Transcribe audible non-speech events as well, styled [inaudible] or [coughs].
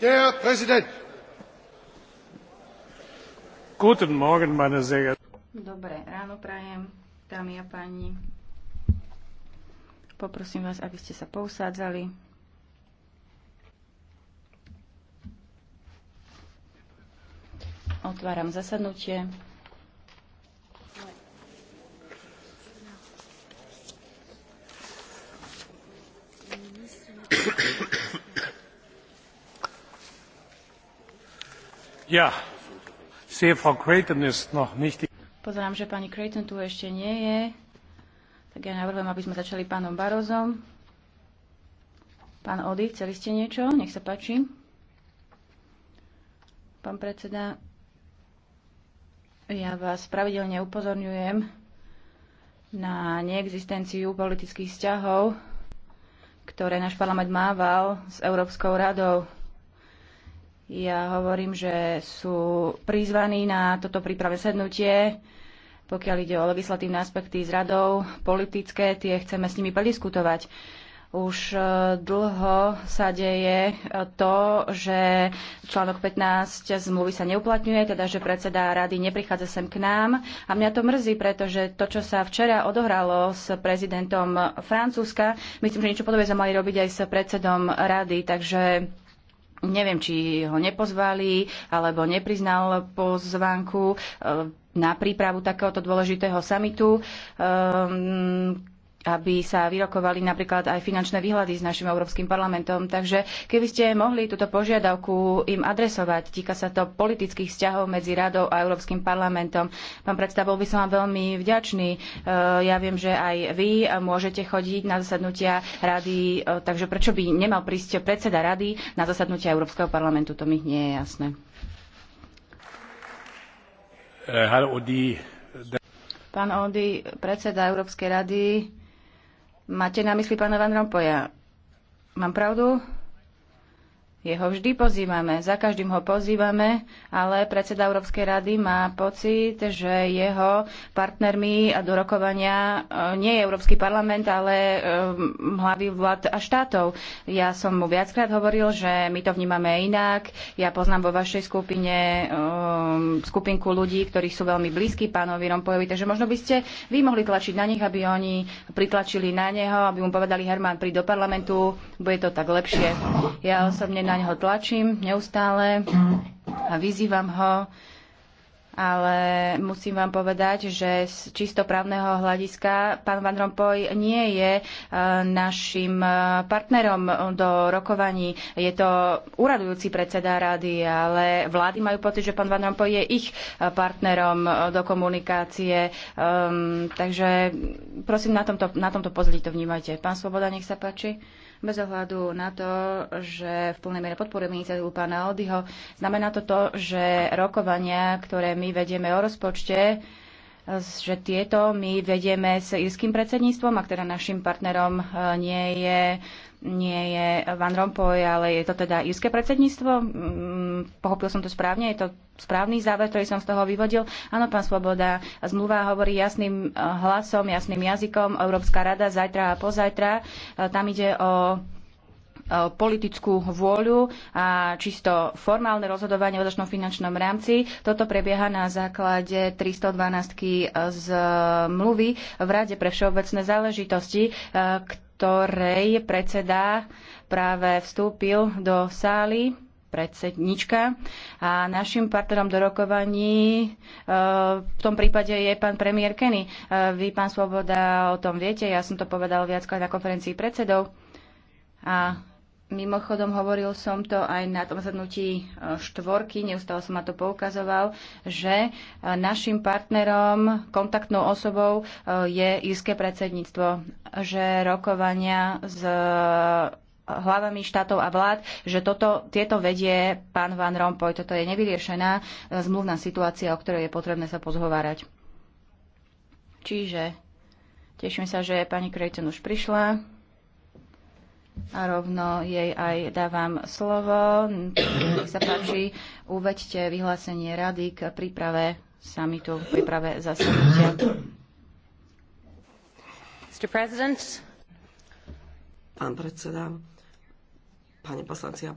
herr präsident! guten morgen meine sehr geehrten Dobré ráno prajem, dámy a páni. Poprosím vás, aby ste sa pousádzali. Otváram zasadnutie. [coughs] Pozerám, že pani Creighton tu ešte nie je. Tak ja navrhujem, aby sme začali pánom Barozom. Pán audy chceli ste niečo? Nech sa páči. Pán predseda, ja vás pravidelne upozorňujem na neexistenciu politických vzťahov, ktoré náš parlament mával s Európskou radou. Ja hovorím, že sú prizvaní na toto príprave sednutie, pokiaľ ide o legislatívne aspekty s radou, politické, tie chceme s nimi prediskutovať. Už e, dlho sa deje e, to, že článok 15 zmluvy sa neuplatňuje, teda že predseda rady neprichádza sem k nám. A mňa to mrzí, pretože to, čo sa včera odohralo s prezidentom Francúzska, myslím, že niečo podobné sme mali robiť aj s predsedom rady. Takže Neviem, či ho nepozvali alebo nepriznal pozvánku eh, na prípravu takéhoto dôležitého samitu. Ehm, aby sa vyrokovali napríklad aj finančné výhľady s našim Európskym parlamentom. Takže keby ste mohli túto požiadavku im adresovať, týka sa to politických vzťahov medzi Radou a Európskym parlamentom. Pán predseda, bol by som vám veľmi vďačný. E, ja viem, že aj vy môžete chodiť na zasadnutia Rady, e, takže prečo by nemal prísť predseda Rady na zasadnutia Európskeho parlamentu? To mi nie je jasné. E, Pán Ody, predseda Európskej rady Máte na mysli pána Van Rompoja? Mám pravdu? Jeho vždy pozývame, za každým ho pozývame, ale predseda Európskej rady má pocit, že jeho partnermi a do rokovania e, nie je Európsky parlament, ale hlavy e, vlád a štátov. Ja som mu viackrát hovoril, že my to vnímame inak. Ja poznám vo vašej skupine e, skupinku ľudí, ktorí sú veľmi blízki pánovi Rompojovi, takže možno by ste vy mohli tlačiť na nich, aby oni pritlačili na neho, aby mu povedali Herman, príď do parlamentu, bude to tak lepšie. Ja osobne na na neho tlačím neustále a vyzývam ho, ale musím vám povedať, že z čisto právneho hľadiska pán Van Rompuy nie je e, našim e, partnerom do rokovaní. Je to uradujúci predseda rady, ale vlády majú pocit, že pán Van Rompuy je ich e, partnerom do komunikácie. takže prosím, na tomto, na tomto pozri to vnímajte. Pán Svoboda, nech sa páči bez ohľadu na to, že v plnej miere podporujeme iniciatívu pána Aldyho, Znamená to to, že rokovania, ktoré my vedieme o rozpočte, že tieto my vedieme s írským predsedníctvom, ak teda našim partnerom e, nie je, nie je Van Rompuy, ale je to teda írske predsedníctvo. Mm, pochopil som to správne, je to správny záver, ktorý som z toho vyvodil. Áno, pán Svoboda, zmluva hovorí jasným e, hlasom, jasným jazykom. Európska rada zajtra a pozajtra. E, tam ide o E, politickú vôľu a čisto formálne rozhodovanie o dočnom finančnom rámci. Toto prebieha na základe 312 e, z mluvy v Rade pre všeobecné záležitosti, e, ktorej predseda práve vstúpil do sály predsednička. A našim partnerom do rokovaní v tom prípade je pán premiér Kenny. Vy, pán Svoboda, o tom viete, ja som to povedal viackrát na konferencii predsedov. A Mimochodom, hovoril som to aj na tom zadnutí e, štvorky, neustále som na to poukazoval, že e, našim partnerom, kontaktnou osobou e, je írske predsedníctvo, že rokovania s hlavami štátov a vlád, že toto, tieto vedie pán Van Rompuy. Toto je nevyriešená zmluvná situácia, o ktorej je potrebné sa pozhovárať. Čiže teším sa, že pani Creighton už prišla a rovno jej aj dávam slovo. Nech sa páči, uveďte vyhlásenie rady k príprave samitu, k príprave zasadnutia. Pán predseda, pani poslanci a